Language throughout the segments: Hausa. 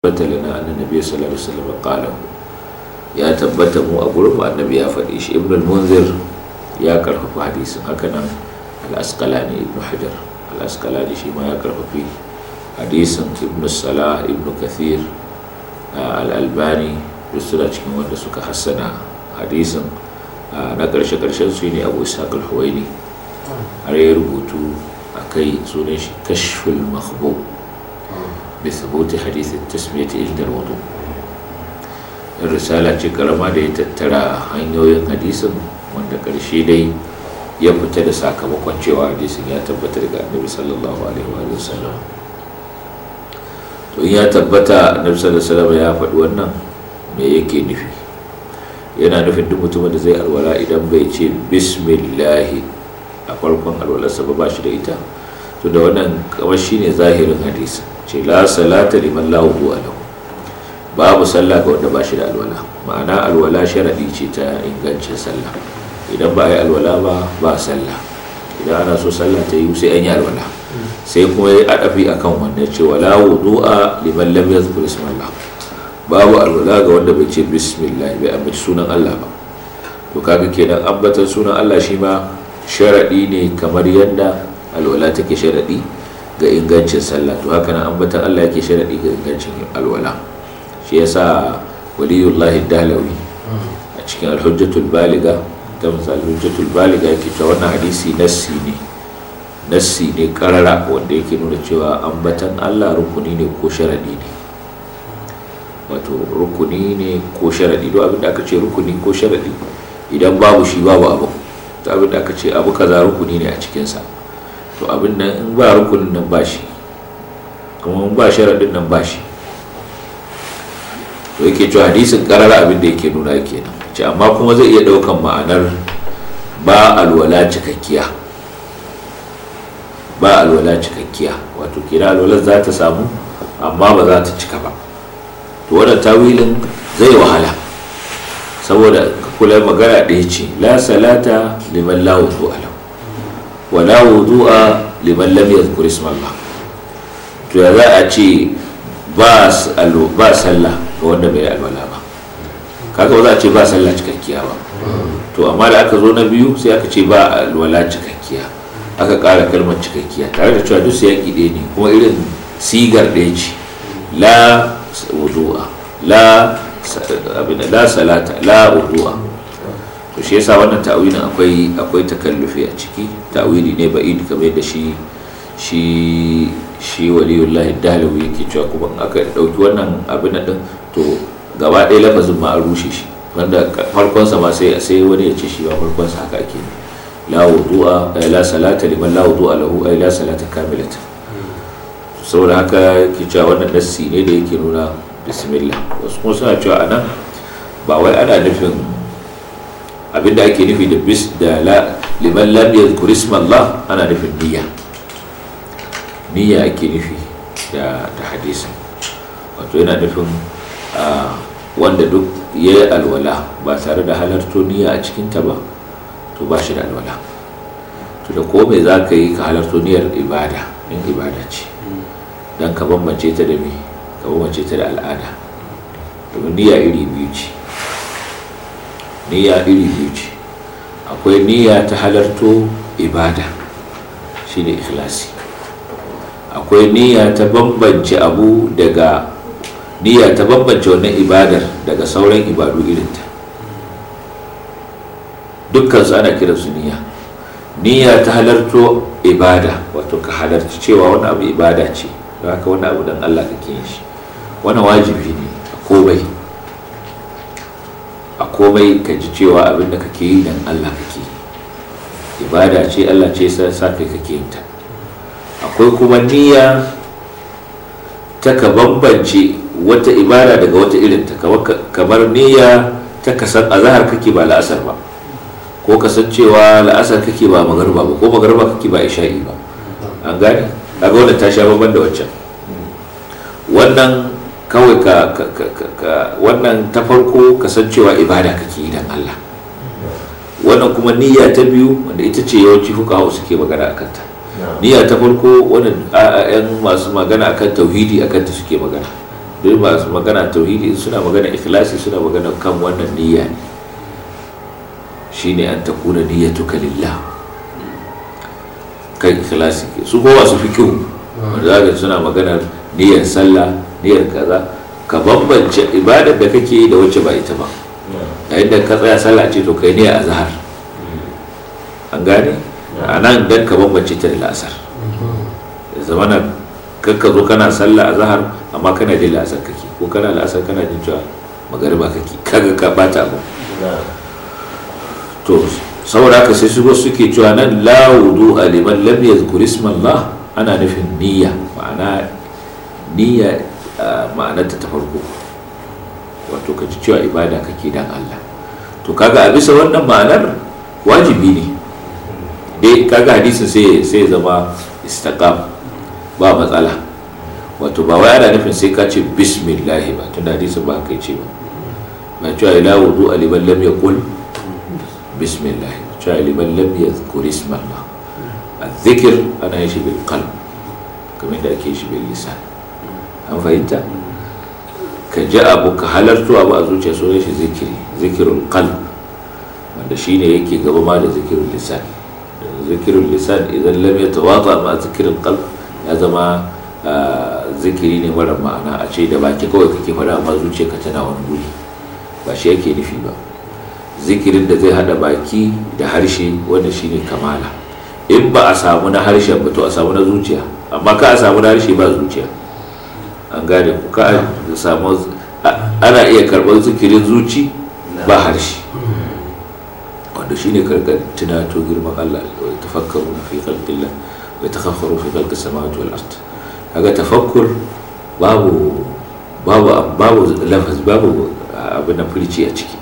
tabbata lana anna nabi sallallahu alaihi wasallam qala ya tabbata mu a gurin mu annabi ya faɗi shi ibn munzir ya karfafa hadisin haka nan al-asqalani ibn hajar al-asqalani shi ma ya karfafi hadisin ibn salah ibn kathir al-albani duk suna cikin wanda suka hassana hadisin na karshe karshen su ne abu ishaq al-huwaini har ya rubutu akai sunan shi kashful mahbub بثبوت حديث التسمية risala ce karama da ya tattara hanyoyin hadisin wanda ƙarshe dai ya fita da sakamakon cewa hadisin ya tabbata daga annabi sallallahu alaihi wa sallam to ya tabbata annabi sallallahu alaihi wa sallam ya faɗi wannan me yake nufi yana nufin duk mutumin da zai alwala idan bai ce bismillahi a farkon alwalarsa ba ba shi da ita to da wannan kamar shine zahirin hadisi ce la salata liman la lahu babu sallah ga wanda ba shi da alwala ma'ana alwala sharadi ce ta ingancin sallah idan ba a yi alwala ba ba sallah idan ana so sallah ta yi sai an yi alwala sai kuma ya adafi akan wannan cewa la wudu'a liman lam yadhkur ismallah babu alwala ga wanda bai ce bismillah bai ambaci sunan Allah ba to kaga kenan ambatan sunan Allah shi ma sharadi ne kamar yadda alwala take sharadi ga ingancin sallah to haka nan ambatan Allah yake sharadi ga ingancin alwala shi yasa waliyullahi dalawi a cikin alhujjatul baliga ta misali hujjatul baliga yake cewa wannan hadisi nassi ne nassi ne karara wanda yake nuna cewa ambatan Allah rukuni ne ko sharadi ne wato rukuni ne ko sharadi do abin da aka ce rukuni ko sharadi idan babu shi babu abu abin da aka ce abu kaza rukuni ne a cikinsa to abin nan in ba rukunin nan ba shi kuma in ba sharaɗin nan ba shi to yake cewa hadisin karara abin da yake nuna kenan ce amma kuma zai iya ɗaukan ma'anar ba alwala cikakkiya ba alwala cikakkiya wato kira alwalar za ta samu amma ba za ta cika ba to wannan tawilin zai wahala saboda kula magana ɗaya ce la salata liman la wudu wala wudu'a liman lam yadhkur ismallah to ya za a ce ba ba sallah ga wanda bai albala ba kaga ba za a ce ba sallah cikakkiya ba to amma da aka zo na biyu sai aka ce ba alwala cikakkiya aka ƙara kalmar cikakkiya tare da cewa duk sai yaƙi ɗaya ne kuma irin sigar ɗaya ce la wudu'a la abin la salata la wudu'a to shi yasa wannan ta'awilin akwai akwai takallufi a ciki ta'awili ne ba'id kamar da shi shi shi waliyullah dalawi yake cewa kuma aka dauki wannan abin din to gaba ɗaya lafazin ma an rushe shi wanda farkon sa ma sai sai wani ya ce shi ba farkon sa haka ake la wudu'a eh, la salata liman la wudu'a lahu ay la salata kamilata saboda haka yake cewa wannan nassi ne da yake nuna bismillah wasu kuma suna cewa anan ba wai ana nufin abinda ake nufi da bis da la liman lam yadhkur Allah ana nufin niyya niyya ake nufi da ta hadisi wato yana nufin wanda duk ya yi alwala ba tare da halarto niyya a cikin ta ba to ba shi da alwala to da ko za ka yi ka halarto niyyar ibada in ibada ce don ka bambance ta da me ka bambance ta da al'ada domin niyya iri biyu ce niyya iri biyu ce akwai niyya ta halarto ibada shine ikhlasi akwai niyya ta bambance abu daga niyya ta bambance wannan ibadar daga sauran ibadu irinta dukkan su ana kiransu niyya niyya ta halarto ibada wato ka halarci cewa wani abu ibada ce haka wani abu don Allah ka yin shi wani wajibi ne a komai komai ka ji cewa abin da kake yi don Allah kake ibada ce Allah ce sa kai kake yin ta akwai kuma niyya ta ka bambance wata ibada daga wata irin ta kamar niyya ta kasan azahar kake ba la'asar ba ko kasancewa la'asar kake ba magarba ba ko magarba kake ba isha'i ba an gane ga wannan ta sha bamban da wancan wannan kawai ka wannan ta farko kasancewa ibada kake yi don Allah wannan kuma niyya ta biyu wanda ita ce yawanci fukawa suke magana a kanta niyya ta farko wannan yan masu magana akan tauhidi a kanta suke magana duk masu magana tauhidi suna magana ikhlasi suna magana kan wannan niyya ne Shi ne an takuna niyya tukalillah kan ikhlasi su kowa su fi kyau. wanda suna magana niyyar sallah niyyar kaza ka bambance ibadar da kake yi da wacce ba ita ba yayin da ka tsaya sallah ce to kai niyyar azhar mm. an gane a nan dan ka bambance ta da la'asar mm-hmm. zamana kakka zo kana sallah azhar amma kana jin la'asar kake ko kana la'asar kana jin cewa magariba kake kaga ka bata ba to saboda haka sai su suke cewa nan la wudu aliman lam yadhkur ismallah ana nufin niyya ma'ana niyya ma'anarta ta farko wato ka ji cewa ibada kake dan Allah to kaga a bisa wannan ma'anar wajibi ne dai kaga hadisin sai sai zama istiqam ba matsala wato ba wai ana nufin sai ka ce bismillah ba tun hadisin ba kai ce ba ba cewa ila wudu aliman lam yaqul bismillah cewa liman lam yadhkur isma Allah yashi bil يشي kamar da ake shi bil lisan an fahimta ka ji abu ka halarto abu a zuciya sunan shi zikiri zikirin qalb wanda shine yake gaba ma da zikirin lisan zikirin lisan idan ta watsa ma zikirin qalb ya zama zikiri ne mara ma'ana a ce da baki kawai kake faɗa amma zuciyarka tana wani guri ba shi yake nufi ba zikirin da zai hada baki da harshe wanda shine kamala in ba a samu na harshe ba to a samu na zuciya amma ka a samu na harshe ba zuciya an gane ku ka da samu ana iya karɓar zikirin zuci ba harshe wanda shine karkar tunato girman Allah wa tafakkaru fi khalqillah wa takhaffaru fi kalkar sama wato ard kaga tafakkur babu babu babu lafaz babu abin da furci a ciki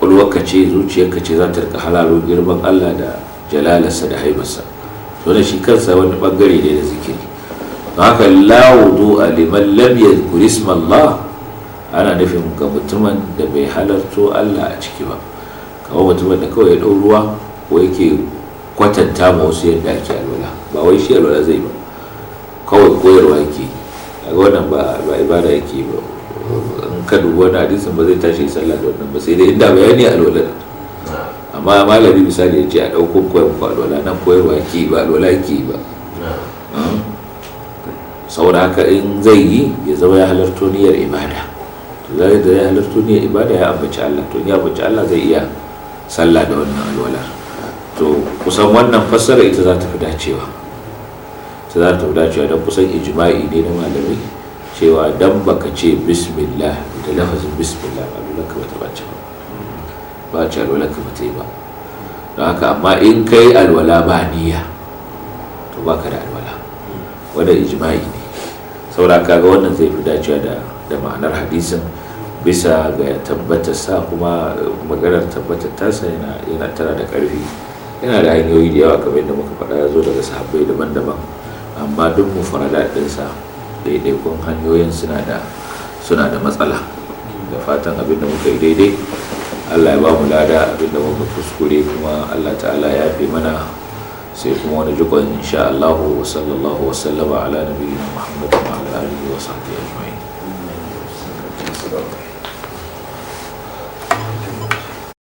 ƙulwarka ce zuciyarka ce za ta rika halalo girman Allah da jalalarsa da haibarsa to da shi kansa wani bangare ne da zikiri haka lawudu a liman labiyar yadhkur ana nufin ga mutumin da bai halarto Allah a ciki ba kawai mutumin da kawai ya ɗau ruwa ko yake kwatanta ma wasu yadda ake alwala ba wai shi alwala zai ba kawai koyarwa yake a wannan ba ibada yake ba in ka dubi wani hadisin ba zai tashi sallah da wannan ba sai dai inda bayani alwala amma malami misali ya ce a ɗauko koyarwa alwala nan koyarwa yake ba alwala yake ba saboda haka in zai yi ya zama ya halarto niyyar ibada zai da ya halarto niyyar ibada ya ambaci Allah to ya ambaci Allah zai iya sallah da wannan alwalar to kusan wannan fassara ita za ta fi dacewa ta za ta fi dacewa don kusan ijma'i ne na malami cewa dan baka ce bismillah da lafazin bismillah ka bata bace ba ba ce ka bata yi ba don haka amma in kai alwala ba niyya to baka da alwala wanda ijma'i ne saura kaga wannan zai fi dacewa da da ma'anar hadisin bisa ga tabbatar sa kuma maganar tabbatar tasa yana yana tara da karfi yana da hanyoyi da yawa kamar yadda muka faɗa ya zo daga sahabbai daban-daban amma duk mu mufarada ɗinsa daidaikun hanyoyin suna da suna da matsala da fatan abin da muka yi daidai allah ya ba mu lada abin da muka kuskure kuma allah ta'ala ya fi mana sai kuma wani jikon insha Allah wa sallallahu wa sallama ala nabiyina Muhammad wa ala alihi wa sahbihi ajma'in